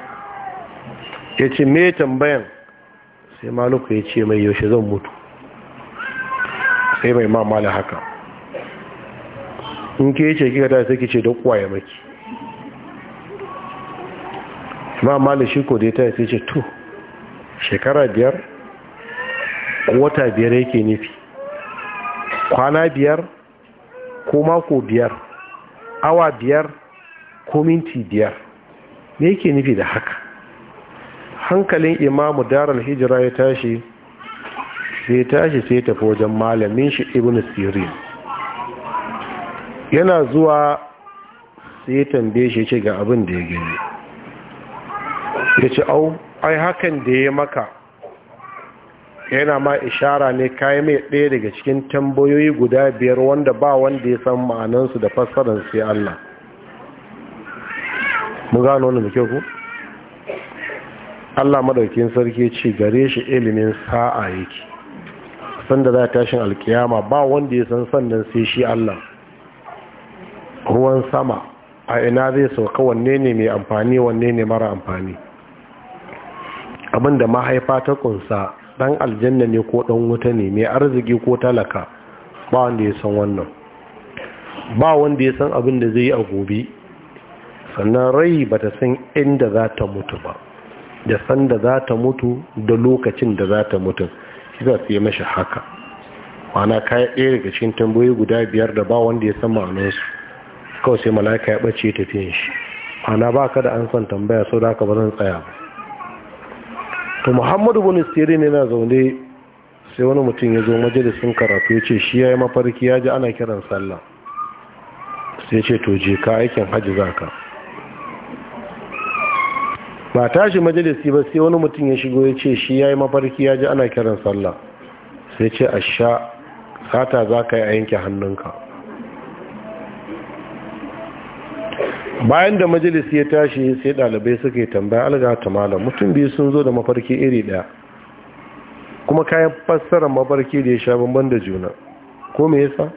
ya ce me tambayan sai maluku ya ce mai yaushe zan mutu sai mai mamala haka in ke ce kika ta sai ki ce da kwaye maki mamala shi ko dai ta sai ce to shekara biyar wata biyar yake nufi kwana biyar ko mako biyar awa biyar ko minti biyar me yake nufi da haka hankalin imamu darar hijira ya tashi sai tashi sai tafi wajen malamin shi ibn Sirri. yana zuwa sai ya tambaye shi ce ga abin da ya gani ya ce au ai hakan da ya maka yana ma ishara ne kayi mai ɗaya daga cikin tambayoyi guda biyar wanda ba wanda ya san ma'anansu da fassararsu sai Allah Mu gano wannan da kyau ku Allah madaukin sarki ce gare shi ilimin sa'a yake sanda za tashin alkiyama ba wanda ya san sannan sai shi Allah ruwan sama a ina zai sauka wanne ne mai amfani wanne ne mara amfani abinda mahaifa ta kunsa dan aljanna ne ko dan wuta ne mai arziki ko talaka ba wanda ya san wannan ba wanda ya san abin da zai yi a gobe sannan rai ba ta san inda za ta mutu ba da sanda za ta mutu da lokacin da za ta mutu shi za su yi mashi haka mana kayan ɗaya daga cikin tambayoyi guda biyar da ba wanda ya san su kawai sai mala'ika ya ɓace tafiyan shi mana ba ka da an san tambaya sau da aka ba zan tsaya ba to muhammadu bin sirri ne na zaune sai wani mutum ya zo majalisun karatu ya ce shi ya yi mafarki ya ji ana kiran sallah sai ce to je ka aikin hajji za ka ba tashi majalisi ba sai wani mutum ya shigo ya ce shi ya yi mafarki ya ji ana kiran sallah sai ce a sha sata za ka yi a yanke hannunka bayan da majalisi ya tashi sai dalibai suka yi tambaya algata malam mutum biyu sun zo da mafarki iri daya kuma kayan fassarar mafarki da ya sha bambam da juna ko me yasa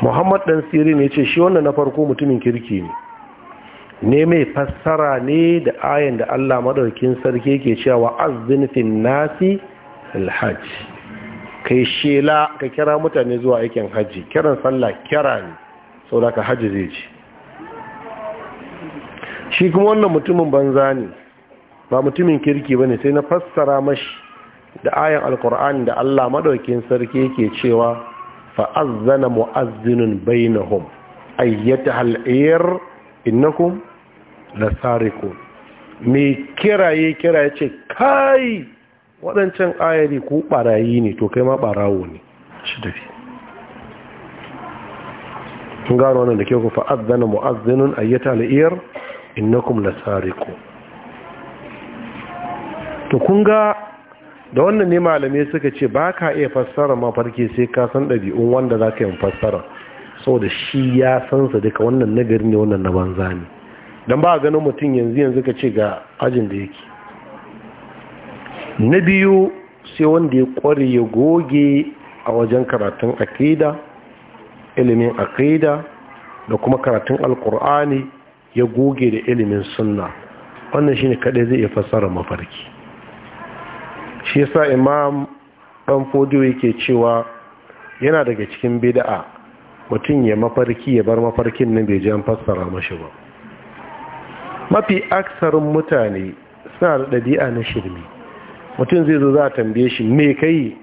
muhammad dan sirri ne ce shi wannan na farko mutumin kirki ne ne mai fassara ne da ayan da Allah madaukin sarki ke cewa azzin fin nasi alhajj kai shela ka kira mutane zuwa aikin haji kiran sallah kira ne saboda ka haji zai ci shi kuma wannan mutumin banza ne ba mutumin kirki bane sai na fassara mashi da ayan alkur'ani da Allah madaukin sarki ke cewa fa'azzana mu'azzinun bainahum ayyata hal'ir innakum lasariku mai kiraye kiraye ce kai waɗancan ayari ko ɓarayi ne to kai ma ɓarawo ne shi dafi kun gano wannan da ke ku fa'azzana mu'azzinun ayyata al'iyar innakum lasariku to kun ga da wannan ne malamai suka ce ba ka iya fassara mafarki sai ka san ɗabi'un wanda za ka yi fassara saboda shi ya san sa duka wannan nagari ne wannan na banza ne don ba ganin mutum yanzu yanzu ka ce ga ajin da yake na biyu sai wanda ya kware ya goge a wajen karatun akida ilimin akida da kuma karatun alkur'ani ya goge da ilimin sunna wannan shine kadai zai iya fassara mafarki shi yasa imam dan fodiyo yake cewa yana daga cikin bid'a mutum ya mafarki ya bar mafarkin nan bai ji an fassara mashi ba mafi aksarin mutane suna da ɗabi'a na shirme mutum zai zo za a tambaye shi me ka yi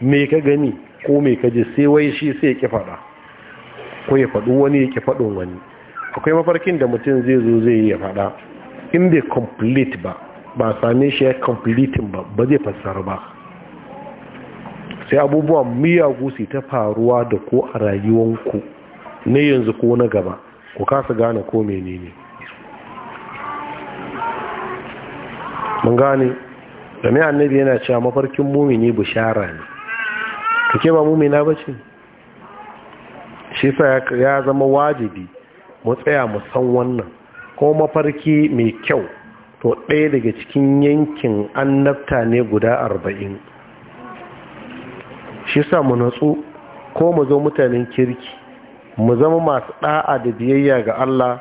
me ka gani ko me ka ji sai wai shi sai ya ƙi faɗa ko ya faɗi wani ya ƙi faɗin wani akwai mafarkin da mutum zai zo zai yi ya faɗa in bai complete ba ba same shi ya complete ba ba zai fassara ba sai abubuwa miyagu su ta faruwa da ko a rayuwanku na yanzu ko na gaba ku kasa gane ko menene mun gane mai annabi yana cewa mafarkin mumini bishara ne kake ba mumina ba ce shi sa ya zama wajibi mu tsaya mu san wannan ko mafarki mai kyau to ɗaya daga cikin yankin annabta ne guda arba'in shi sa mu natsu ko mu zo mutanen kirki mu zama masu ɗa'a da biyayya ga Allah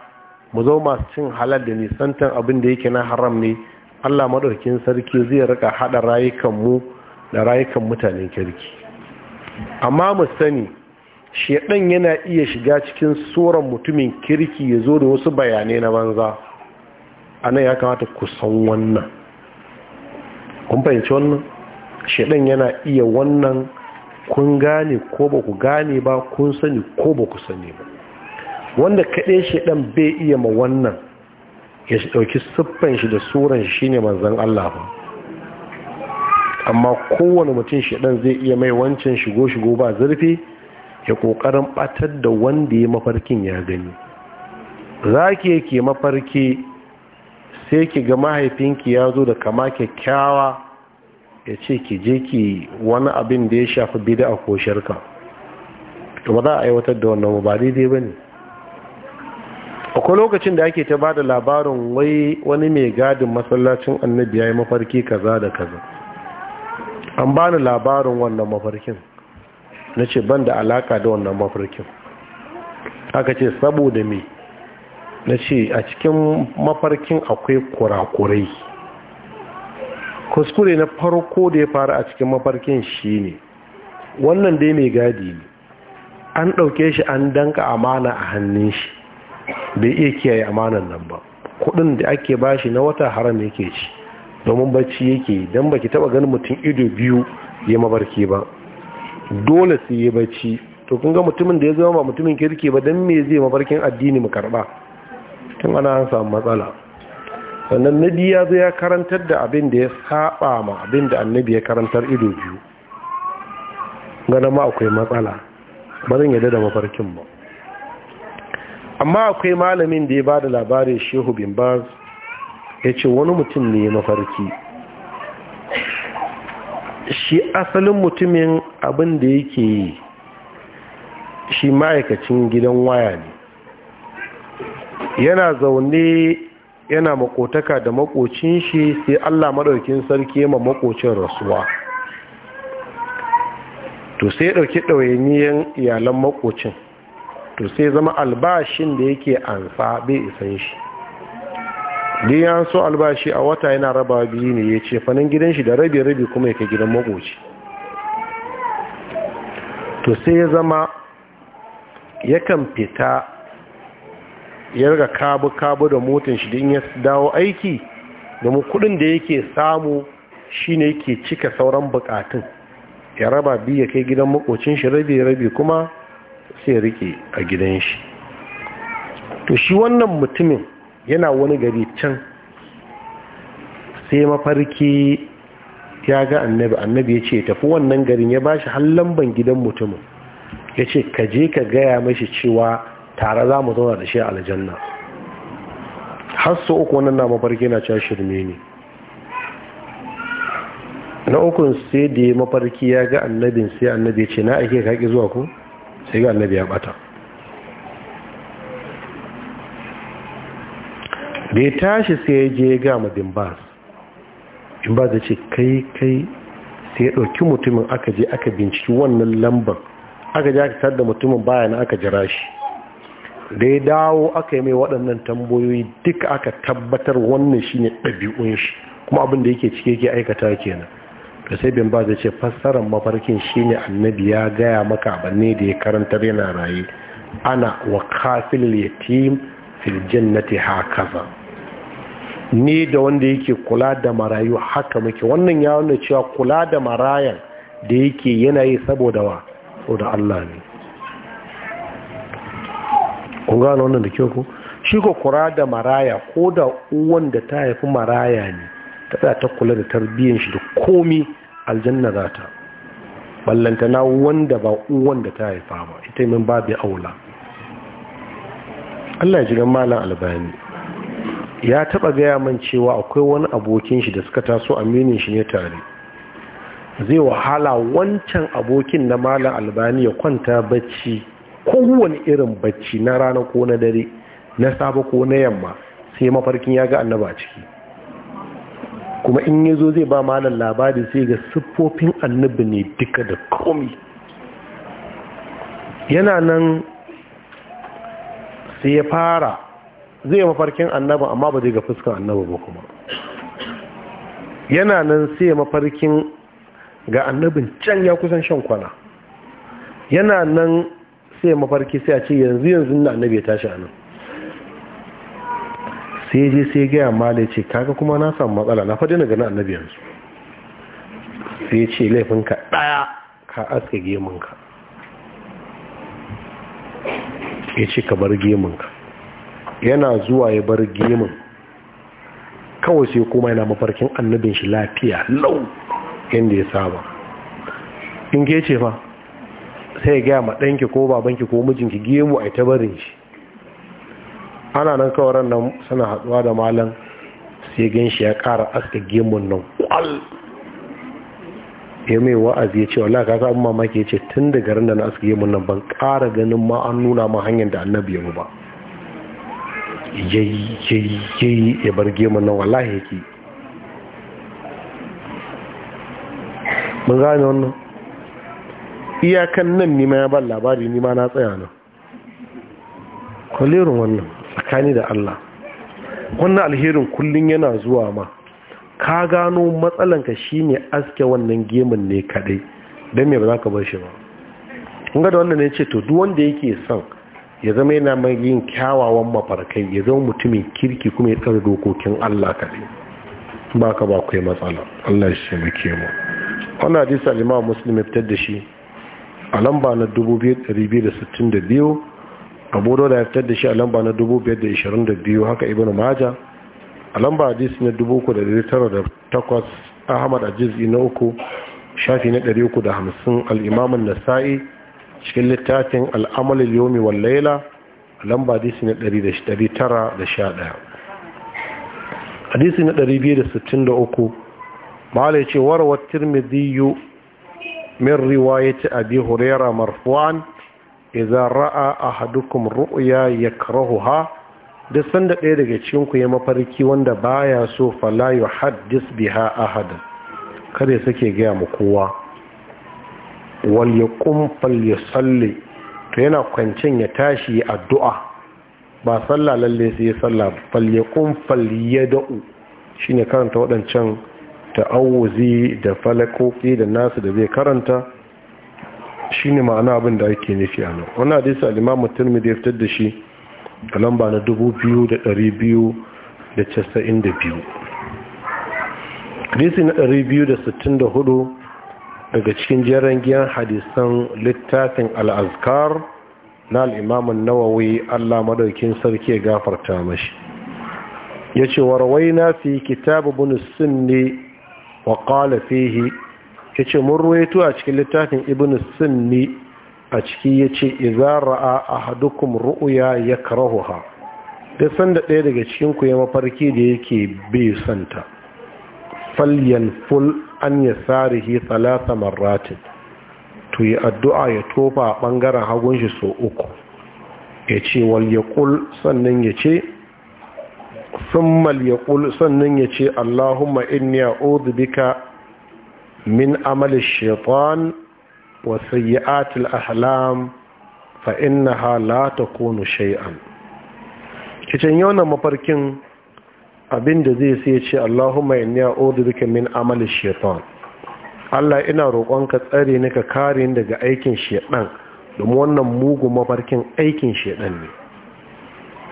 mu zo masu cin halal da nisantan abin da yake na haram ne Allah madaukin sarki zai rika hada mu da rayukan mutanen kirki amma mu sani shedan yana iya shiga cikin suran mutumin kirki ya zo da wasu bayanai na banza anan ya kamata ku san wannan kun fahimci wannan shedan yana iya wannan kun gane ko ba ku gane ba kun sani ko ba ku sani ba wanda kaɗai shedan bai iya ma wannan ya ɗauki siffan shi da suran shi shine manzon Allah ba amma kowane mutum shaɗan zai iya mai wancan shigo-shigo ba zurfi ya ƙoƙarin ɓatar da wanda ya mafarkin ya gani za ki yake mafarki sai ki ga mahaifinki ya zo da kama kyakkyawa ya ce ki je ki wani abin da ya shafi bida a koshar ka ba za a aiwatar da wannan ba daidai ba ne akwai lokacin da ake ta ba da labarin wai wani mai gadin masallacin annabi ya yi mafarki kaza da kaza an ba ni labarin wannan mafarkin na ce ban da alaka da wannan mafarkin aka ce saboda me na ce a cikin mafarkin akwai kurakurai kuskure na farko da ya faru a cikin mafarkin shi ne wannan dai mai gadi ne an ɗauke shi an danka amana a hannun shi bai iya kiyaye amanan nan ba kudin da ake bashi na wata haram yake ci domin bacci yake don baki taba ganin mutum ido biyu ya mabarki ba dole sai ya bacci to kun ga mutumin da ya zama ba mutumin kirki ba don me zai mabarkin addini mu karba tun ana an samu matsala sannan nabi ya zo ya karantar da abin da ya saba ma abin da annabi ya karantar ido biyu ganin ma akwai matsala ba zan yadda da mafarkin ba amma akwai malamin da ya ba da labarin shehu bin baz ya ce wani mutum ne mafarki shi asalin mutumin abin da yake yi shi ma'aikacin gidan waya ne yana zaune yana makotaka da makocin shi sai allah maɗaukin sarki ma makocin rasuwa to sai ya ɗauki ɗauyen iyalan makocin to sai zama albashin da yake ansa bai isan shi dai ya so albashi a wata yana raba biyu ne ya ce fanin gidan shi da rabi-rabi kuma yake gidan makoci to sai ya zama yakan fita ya riga kabu-kabu da motin shi din ya dawo aiki domin kudin da yake samu shine yake cika sauran bukatun ya raba biyu ya kai gidan makocin shi rabi-rabi kuma sai rike a gidan shi to shi wannan mutumin yana wani gari can sai mafarki ya ga annabi annabi ya ce tafi wannan garin ya bashi hallamban gidan mutumin ya ce ka je ka gaya mashi cewa tare za mu zauna da shi a aljanna har su uku wannan na mafarki na cewa shirme ne na ukun sai da ya mafarki ya ga annabin sai annabi ya ce na ka ki zuwa ku sai ga annabi ya bata da ya tashi sai ya je ga ma bimbaz ya ce kai kai sai ya ɗauki mutumin aka je aka binciki wannan lambar aka je aka tar da mutumin bayan aka jira shi da ya dawo aka yi mai waɗannan tambayoyi duka aka tabbatar wannan shine ɗabi'un shi kuma abin da yake cike yake aikata kenan da sai bin ba zai ce fassarar mafarkin shine annabi ya gaya maka abanne da ya karanta yana raye ana wa kafin yatim fil jannati hakaza ni da wanda yake kula da marayu haka muke wannan ya wanda cewa kula da marayan da yake yanayi saboda wa saboda Allah ne kun gano wannan da kyau ku shi ko kura da maraya ko da uwan da ta haifi maraya ne ta ta kula da tarbiyyar shi da komi aljanna za ta ballantana wanda ba uwan da ta haifa ba ita min babu aula Allah ya ji gan malam albani ya taba gaya man cewa akwai wani abokin shi da suka taso aminin shi ne tare zai wahala wancan abokin na malam albani ya kwanta bacci kowane irin bacci na rana ko na dare na saba ko na yamma sai mafarkin ya ga annaba ciki kuma in ya zo zai ba malar labari sai ga siffofin annabi ne duka da komi yana nan sai ya fara zai mafarkin annabi amma ba zai ga fuskan annabi ba kuma yana nan sai mafarkin ga annabin can ya kusan shan kwana yana nan sai mafarki sai a ce yanzu yanzu na annabi ya tashi annabi sai je sai gaya mala ce kaga kuma na samu matsala na faɗi na gani annabi yanzu sai ce laifinka ɗaya ka aske gemunka ya ce ka bar geminka yana zuwa ya bar gemun kawai sai kuma yana mafarkin annabin shi lafiya lau inda ya saba in ke ce fa sai ya gaya ma ɗanki ko babanki ko mijinki gemu a ta barin shi ana nan kawai nan suna haɗuwa da malam sai gan shi ya ƙara aska gemun nan kwal ya mai wa'azi ya ce wala ka sa mamaki ya ce tun da garin da na aska gemun nan ban ƙara ganin ma an nuna ma hanyar da annabi ya ba yayi yayi ya bar gemun nan wallahi yake mun gane wannan iyakan nan nima ya ban labari nima na tsaya nan kwalerin wannan tsakani da Allah wannan alherin kullum yana zuwa ma ka gano matsalanka shine aske wannan gemun ne kadai don me ba za ka bar shi ba kun ga da wannan ne ce to duk wanda yake son ya zama yana mai yin kyawawan mafarkai ya zama mutumin kirki kuma ya tsara dokokin Allah kadai ba ka ba kai matsala Allah shi ke mu wannan hadisi al-Imam ya fitar da shi a lamba na 2262 abu da ya fitar da shi a lamba na 522 haka ibn maja a lamba hadis na 3,908 ahmad ajizi na uku shafi na 350 na nasa'i cikin littafin al'amalin yomi Laila, a lamba hadis na 911 hadis na 263 ma'ala ce warawar tirmidhiyu min riwayati abi huraira marfu'an idza ra'a ahadukum ru'ya yakrahuha duk sanda ɗaya daga cikin ku ya mafarki wanda baya so fala yuhaddis biha ahadan kada ya sake gaya mu kowa wal yaqum fal yusalli to yana kwancin ya tashi addu'a ba sallah lalle sai ya sallah fal yaqum fal yad'u shine karanta waɗancan ta'awuzi da falakofi da nasu da zai karanta Shi ne ma'ana abin da ake nufi a nan wani hadisi al-imam da ya fitar da shi a lamba na biyu. da casa'in hadisi na 264 daga cikin jiran giyan hadisan littafin al'azkar na al'imamun nawawi allah madaukin sarki ya gafarta mashi ya ce warwai na fi kitabu bunus sunni wa kala fihi ya ce mun ruwaito a cikin littafin ibn sunni a ciki ya ce izara'a a ahadukum ru'uya ya karahuha duk sanda ɗaya daga cikinku ya mafarki da yake bai santa falyan ful an ya sarihi talata marratin to yi addu'a ya tofa a ɓangaren hagun shi so uku ya ce wal ya ƙul sannan ya ce Sun mal ya sannan ya ce Allahumma inni a'udhu bika min amali shaitan wa sayyi'atil ahlam fa innaha la takunu shay'an kicin yau na mafarkin abin da zai sai ce Allahumma inni a'udhu bika min amali shaitan Allah ina roƙonka tsare ni ka kare ni daga aikin shaitan domin wannan mugu mafarkin aikin shaitan ne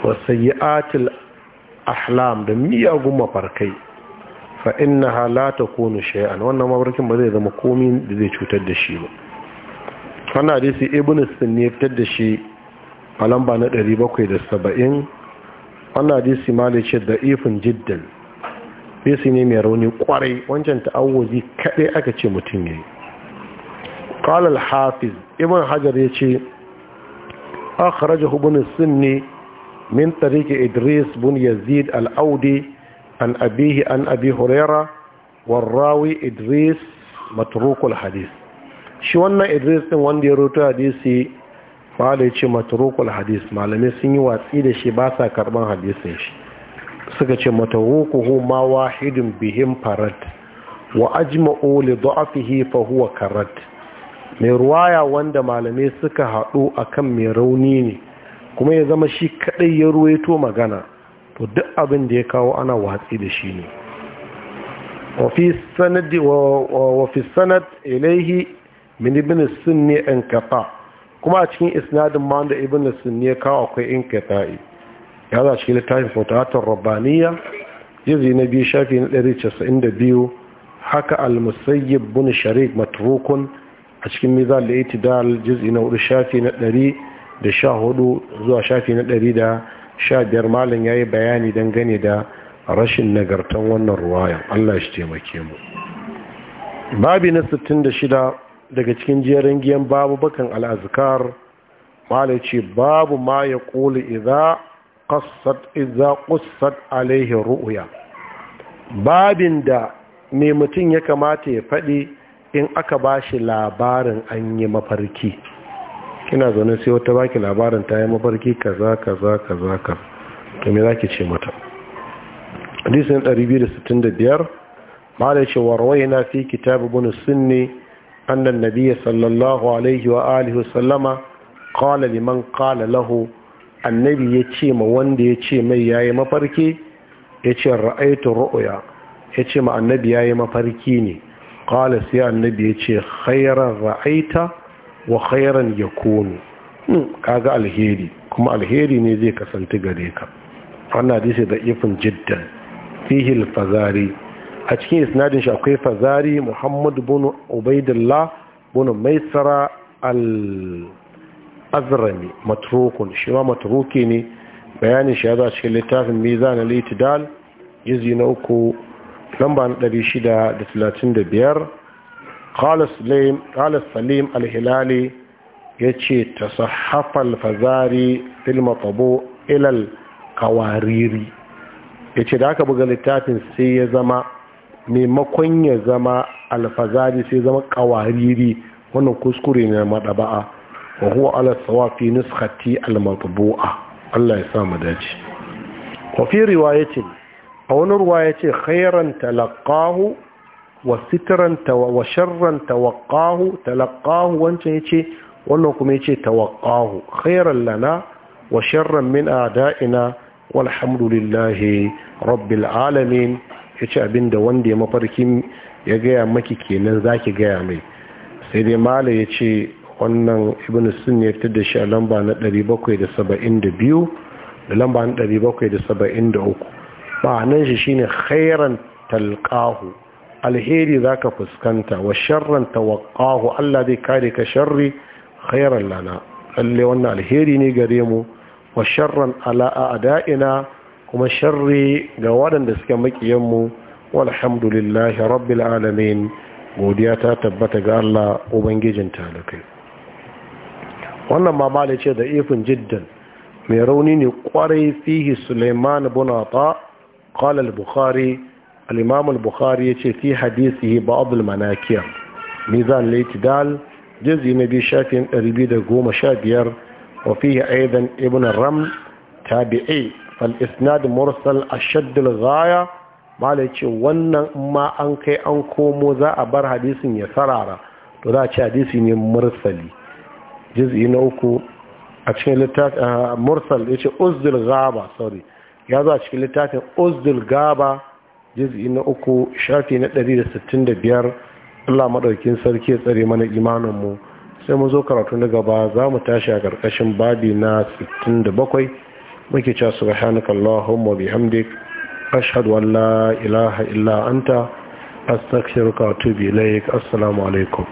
wa sayyi'atil ahlam da miyagun mafarkai fa halata la takunu shay'an wannan mabarkin ba zai zama komai da zai cutar da shi ba wannan hadisi ibnu sunni ya fitar da shi a lamba na 770 wannan hadisi mali ce da ifin jiddan hadisi ne mai rauni kwarai wancan ta'awuzi kadai aka ce mutum yayi qala al-hafiz ibn hajar yace akhrajahu ibn sunni min tariqi idris bin yazid al-audi an abihi an abi huraira warrawi idris matrukul hadis shi wannan idris din wanda ya roto hadisi ba da ce matrukul hadis malamai sun yi watsi da shi ba sa karban hadisin shi suka ce matarukuhu ma wahidin bihim farad wa ajma'u li da'afihi fa huwa karat mai ruwaya wanda malamai suka haɗu akan mai rauni ne kuma ya zama shi kadai ya ruwaito magana to duk abin da ya kawo ana watsi da shi ne wafi sanad ilaihi min ibn sunni in kafa kuma a cikin isnadin ma da ibn sunni ya kawo akwai in kafa'i ya za shi littafin fatahatar rabbaniya jizi na biyu shafi na casa'in da biyu haka al-musayyib bin sharik matrukun a cikin mizal da itidal jizi na 4 shafi na da sha hudu zuwa shafi na da. sha biyar malin ya yi bayani dangane da rashin nagartan wannan ruwayan allah shi taimake mu babi na 66 daga cikin jerin giyan babu bakan al'azkar malin ce babu ma ya ƙoli iza ƙussat alaihi ru'uya babin da mai mutum ya kamata ya faɗi in aka ba shi labarin an yi mafarki kina zaune sai wata baki labarin ta yi mafarki kaza kaza kaza ka to me ki ce mata hadisin 265 da ce na fi kitabu ibn sunni anna an-nabiy sallallahu alaihi wa alihi wasallama qala liman qala lahu annabi ya ce ma wanda ya ce mai ya yi mafarki ya ce ra'aitu ru'ya ya ce ma annabi ya yi mafarki ne qala sai annabi ya ce khairan ra'aita wa khairan hmm, ka ga alheri kuma alheri ne zai kasance gare ka wannan hadisi da ifin jiddan fihi al-fazari a cikin isnadin shi akwai fazari muhammad bin ubaidillah bin maisara al-azrami matrukun shi ma matruki ne bayanin shi ya zo cikin littafin mizan al-itidal yazi na uku lamba na 635 qala salim al-hilali yace ta sahafan fazari fil ilal ila ya ce yace da aka buga littafin sai ya zama maimakon ya zama alfazari fazari sai zama qawariri wannan kuskure ne na maɗaba'a wa huwa ala sawafi nuskhati al Allah ya sa mu dace wa fi ce a wani ruwa yace khairan talakahu. wa washarran wa sharran tawaqahu talaqahu wancan yace wannan kuma yace tawaqahu khairan lana wa sharran min a'da'ina walhamdulillahi rabbil alamin yace abinda wanda ya mafarkin ya gaya maki kenan zaki gaya mai sai dai mala yace wannan ibn sun ya fitar da shi a lamba na 772 da lamba na 773 ba nan shi shine khairan talqahu alheri za ka fuskanta wa sharran tawakahu Allah zai kare ka sharri khairan lana lalle wannan alheri ne gare mu wa sharran ala a'da'ina kuma sharri ga waɗanda suke makiyan mu alhamdulillahi rabbil alamin godiya ta tabbata ga Allah ubangijin talakai wannan mamali ce da ifin jiddan mai rauni ne kwarai fihi Suleiman bin Ata qala bukhari al-imam al-bukhari yace fi hadisihi ba'd al-manakir mizan al-itidal na biyu shafin 215 wa fihi aidan ibn ram tabi'i fal isnad mursal ashadd al-ghaya malai ce wannan ma an kai an komo za a bar hadisin ya sarara to za a ce hadisi ne mursali juz'i na uku a cikin littafin mursal yace uzdul ghaba sorry ya zo a cikin littafin uzdul gaba juz'i na uku shafi na ɗari da da sittin biyar Allah maɗaukin sarki ya tsare mana imaninmu sai mu zo karatu na gaba za mu tashi a ƙarƙashin babi na sittin bakwai muke cewa subhanakallahumma hamdik ashhadu an la ilaha illa anta astaghfiruka wa tubi ilaik assalamu alaikum